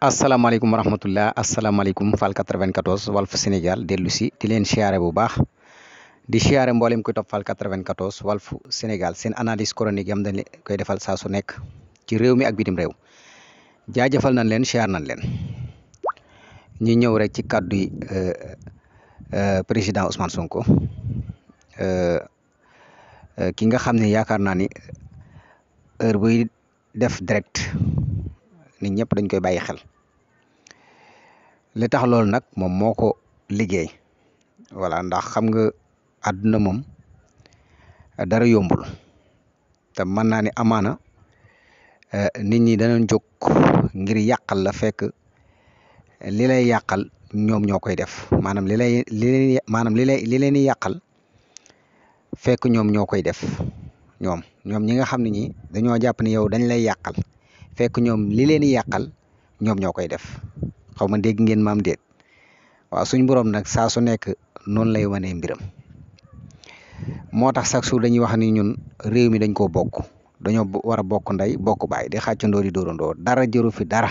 asalaamaaleykum wa rahmatulah asalaamaaleykum Fall 94 Walf Sénégal dellu si di leen siyaare bu baax di siyaare mboolem koy topp Fall 94 Walf Sénégal seen analyse chronique yam dañ koy defal saa su nekk ci réew mi ak bitim réew jaajëfal nañ leen siyaar nañ leen ñu ñëw rek ci kàddu yi euh, euh, président Ousmane Sonko euh, ki nga xam ne yaakaar naa ni heure buy def direct. nit ñëpp dañ koy bàyyi xel li tax loolu nag moom moo ko liggéey voilà ndax xam nga àdduna moom dara yombul te mën naa ni amaana eh, nit ñi danañ jóg ngir yàqal la fekk li lay yàqal ñoom ñoo koy def maanaam li lay li leen maanaam li lay li leen di yàqal fekk ñoom ñoo koy def ñoom ñoom ñi nga xam ne ñi dañoo jàpp ni yow dañ lay yàqal fekk ñoom li leen yàqal ñoom ñoo koy def xaw ma dégg ngeen maam déet waaw suñ borom nag saa su nekk noonu lay wanee mbiram moo tax chaque jour dañuy wax ni ñun réew mi dañ koo bokk dañoo war a bokk ndey bokk baay di xàccandoo di dóorandoo dara jaru fi dara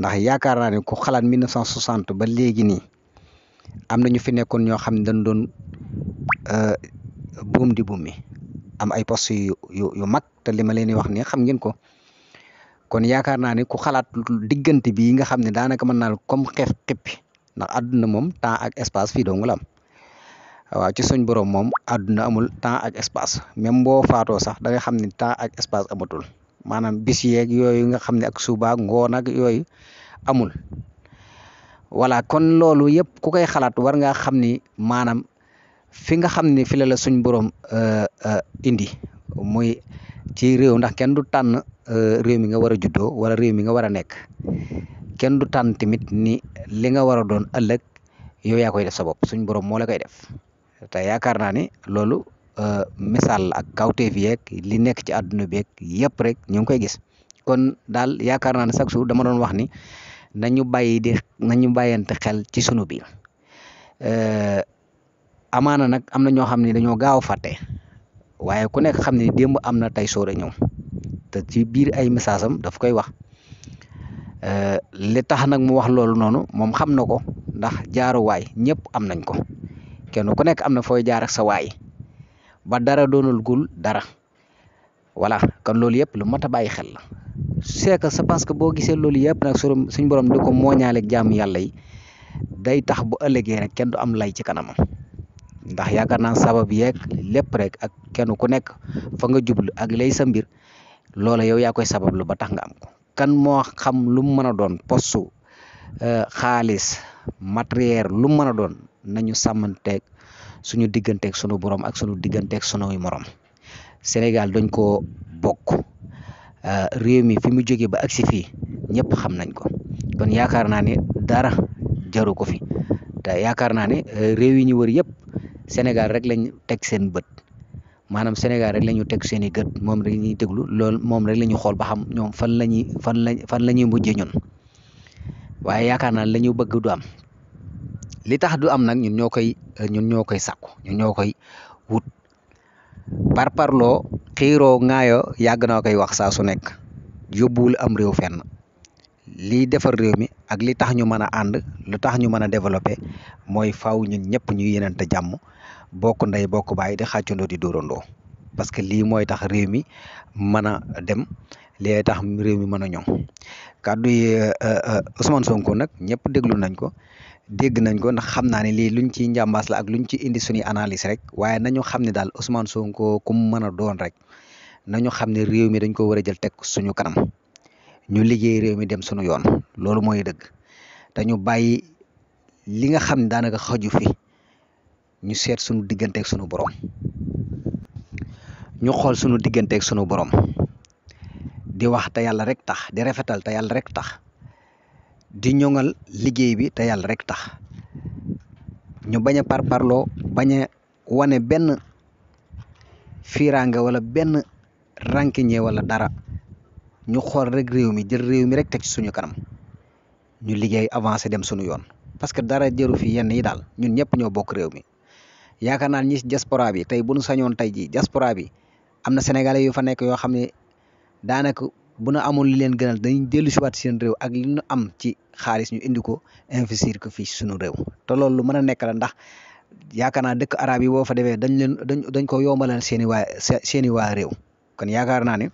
ndax yaakaar naa ne ku xalaat 1960 ba léegi nii am na ñu fi nekkoon ñoo xam ne dañ doon euh, buum di buum mi am ay poste yu yu mag te li ma leen di wax ni xam ngeen ko kon yaakaar naa ni ku xalaat diggante bii nga xam ne daanaka mën naa comme xef xippi ndax àdduna moom temps ak espace fii dong la am waaw ci suñ borom moom àdduna amul temps ak espace même boo faatoo sax da nga xam ne temps ak espace amatul maanaam bis yeeg yooyu nga xam ne ak suba ngoon ak yooyu amul voilà kon loolu yëpp ku koy xalaat war ngaa xam ni maanaam fi nga xam ne fi la la suñ borom euh, euh, indi muy ci réew ndax kenn du tànn euh, réew mi nga war a juddoo wala réew mi nga war a nekk kenn du tànn tamit ni li nga war a doon ëllëg yow yaa koy def sa bopp suñ borom moo la koy def te yaakaar naa ni loolu euh, misaal la ak kawteef yeeg li nekk ci àdduna bi yëpp rek ñu ngi koy gis kon daal yaakaar naa ne chaque jour dama doon wax ni nañu bàyyi di ñu bàyyante xel ci sunu biir euh, amaana nag am na ñoo xam ne dañoo gaaw a fàtte. waaye ku nekk xam ne démb am na tey soo a ñëw te ci biir ay message am daf koy wax eh, li tax nag mu wax loolu noonu moom xam na ko ndax jaaruwaay ñëpp am nañ ko kenn ku nekk am na fooy jaar ak sa waay ba dara doonul gul dara voilà kan loolu yëpp lu mat a bàyyi xel la c'est que c'est parce que boo gisee loolu yëpp nag suñu borom di ko mooñaaleeg jaamu yàlla yi day tax bu ëllëgee rek kenn du am lay ci kanamam. ndax yaakaar naa sabab yeeg lépp rek ak kenn ku nekk fa nga jublu ak lay sa mbir loola yow yaa koy sabablu ba tax nga am ko kan moo xam lu mu mën a doon postu euh, xaalis matériel lu mu mën a doon nañu sàmmanteeg suñu digganteeg sunu borom ak sunu digganteeg sunuy moroom Sénégal dañ koo bokk euh, réew mi fi mu jóge ba aksi fii ñëpp xam nañ ko kon yaakaar naa ne dara jaru ko fi te yaakaar naa ne euh, réew yi ñu wër yëpp Sénégal rek lañ teg seen bët maanaam Sénégal rek la ñu teg seen i gët moom rek ñuy déglu loolu moom rek la ñuy xool ba xam ñoom fan la ñuy fan la fan la ñuy mujjee ñun waaye yaakaar naa la ñu bëgg du am li tax du am nag ñun ñoo koy ñun ñoo koy sàkku ñun ñoo koy wut par parloo xiiroo ŋaayoo yàgg naa koy wax saa su nekk yóbbuwul am réew fenn lii defar réew mi ak li tax ñu mën a ànd lu tax ñu mën a développé mooy faw ñun ñëpp ñu yenente jàmm bokk ndey bokk baay di xàccandoo di dóorandoo parce que lii mooy tax réew mi mën a dem lii tax réew mi mën a ñoŋ kàddu yi euh, euh, euh, Ousmane Sonko nag ñëpp déglu nañ ko dégg nañ ko ndax xam naa ne lii luñ ci njàmbaas la ak luñ ci indi suñuy analyse rek waaye nañu xam ne daal Ousmane Sonko ku mu mën a doon rek nañu xam ne réew mi dañ ko war a jël teg suñu kanam ñu liggéey réew mi dem suñu yoon loolu mooy dëgg dañu ñu bàyyi li nga xam ne daanaka xaju fi ñu seet sunu digganteeg sunu borom ñu xool sunu digganteeg sunu borom di wax te yàlla rek tax di rafetal te yàlla rek tax di ñoŋal liggéey bi te yàlla rek tax ñu bañ a parparloo bañ a wane benn fiiraange wala benn rànkiñe wala dara ñu xool rek réew mi jël réew mi rek teg ci suñu kanam ñu liggéey avancé dem suñu yoon parce que dara jëru fi yenn yi daal ñun ñëpp ñoo bokk réew mi yaakaar naa ñi si diaspora bi tey bu nu sañoon tey ji diaspora bi am na sénégalais yu fa nekk yoo xam ne daanaka bu nu amoon li leen gënal dañuy dellu siwaat seen réew ak li nu am ci xaalis ñu indi ko investir ko fii suñu réew te loolu lu mën a nekk la ndax yaakaar naa dëkk arab yi boo fa demee dañ leen dañ dañ ko yombalal seen i waa seen i waa réew kon yaakaar naa ne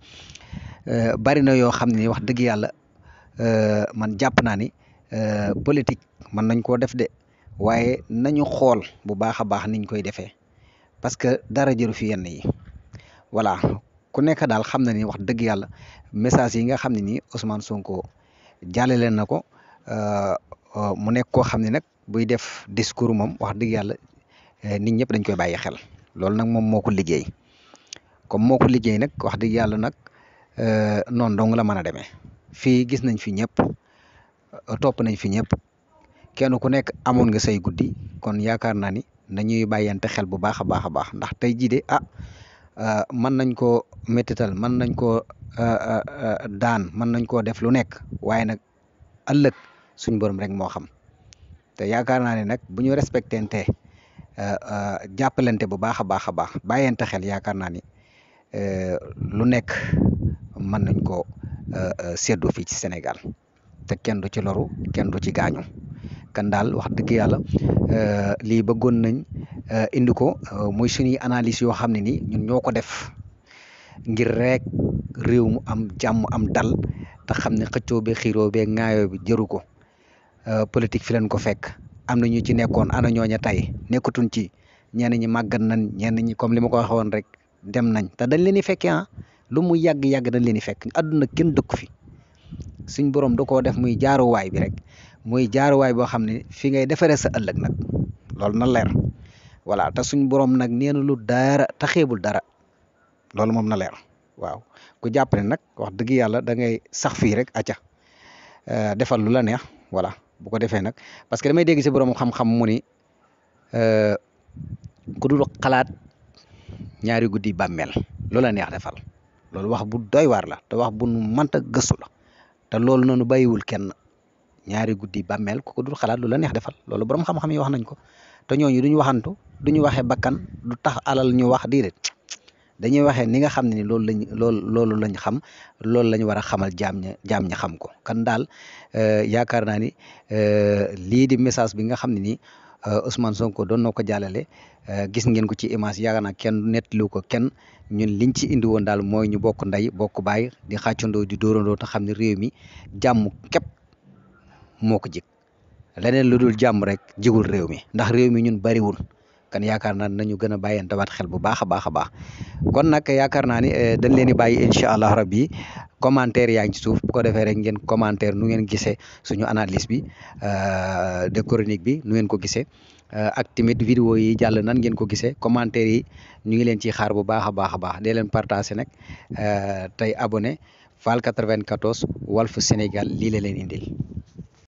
euh, bari na yoo xam ne wax dëgg yàlla euh, man jàpp naa ni euh, politique mën nañ koo def de waaye nañu xool bu baax a baax niñ koy defee parce que dara jëru fi yenn yi voilà ku nekk daal xam na ni wax dëgg yàlla message yi nga xam ne nii Ousmane Sonko jàllale na ko euh, euh, mu nekk koo xam ne nag buy def discours moom wax dëgg yàlla euh, nit ñëpp dañ koy bàyyi xel loolu nag moom moo ko liggéey comme moo ko liggéey nag wax dëgg yàlla nag non dong la mën a demee fii gis nañ fi ñëpp topp nañ fi ñëpp. kenn ku nekk amoon nga say guddi kon yaakaar naa ni nañuy bàyyante xel bu baax a baax a baax ndax tey jii de ah euh, mën nañ koo méttital mën nañ koo euh, euh, daan mën nañ koo def lu nekk waaye nag ëllëg suñ borom rek moo xam te yaakaar naa ne nag bu ñu respectante jàppalante bu baax a baax a baax bàyyante xel yaakaar naa ni lu nekk mën nañ koo séddoo fii ci Sénégal te kenn du ci loru kenn du ci gaañu. bakkan daal wax dëgg yàlla euh, lii bëggoon nañ euh, indi ko euh, muy suñuy analise yoo xam ne nii ñun ñoo ko def ngir rek réew mu am jàmm am dal te xam ne xëccoo be xiiro be ŋaayoo bi jëru ko politique fi leen ko fekk am na ñu ci nekkoon ana ñooña tey nekkatuñ ci ñenn ñi màggat nañ ñenn ñi comme li ma ko waxee woon rek dem nañ te dañ leen di fekkee ah lu mu yàgg yàgg dañ leen di fekk àdduna kenn dëkk fi suñ borom da koo def muy jaaruwaay bi rek muy jaaruwaay boo xam ne fi ngay defaree sa ëllëg nag loolu na leer voilà ta suñ borom nag nee na lu dara taxeebul dara loolu moom na leer waaw ku jàpp ne nag wax dëgg yàlla da ngay sax fii rek acca euh, defal lu la neex voilà bu ko defee nag parce que damay dégg si borom xam-xam mu ni euh, ku dul xalaat ñaari guddi bàmmeel loola neex defal loolu wax bu doy waar la te wax bu nu mënta gëstu la te loolu noonu bàyyiwul kenn. ñaari guddi bàmmeel ku ko dul xalaat lu la neex defal loolu borom xam-xam yi wax nañ ko te ñooñu duñu waxantu duñu waxee bakkan du tax alal ñu wax déedéet dañuy waxe ni nga xam ne ni loolu lañ loolu loolu lañ xam loolu la ñu war a xamal jaam ña jaam ña xam ko kan daal euh, yaakaar naa ni euh, lii di message bi nga xam ne ni euh, Ousmane Sonko doon na ko jàllale gis ngeen ko ci image yaakaar na kenn nettaliwu ko kenn ñun liñ ci indi daal mooy ñu bokk nday bokk baay di xàccandoo di dóorandoo ta xam ne réew mi jàmm képp moo ko jig leneen lu dul jàmm rek jigul réew mi ndax réew mi ñun bariwul kan yaakaar naa nañu gën a bàyyeen tawaat xel bu baax a baax a baax kon nag yaakaar naa ni eh, dañ leen di bàyyi incha allah rabbi commentaire yaa ngi ci suuf bu ko defee rek ngeen commentaire nu ngeen gisee suñu analyse bi euh, de chronique bi nu ngeen ko gisee euh, ak tamit vidéo yi jàll nan ngeen ko gisee commentaire yi ñu ngi leen ciy xaar bu baax a baax a baax dee leen partagé nag euh, tey abone Fall 94 Walf Sénégal lii la leen indil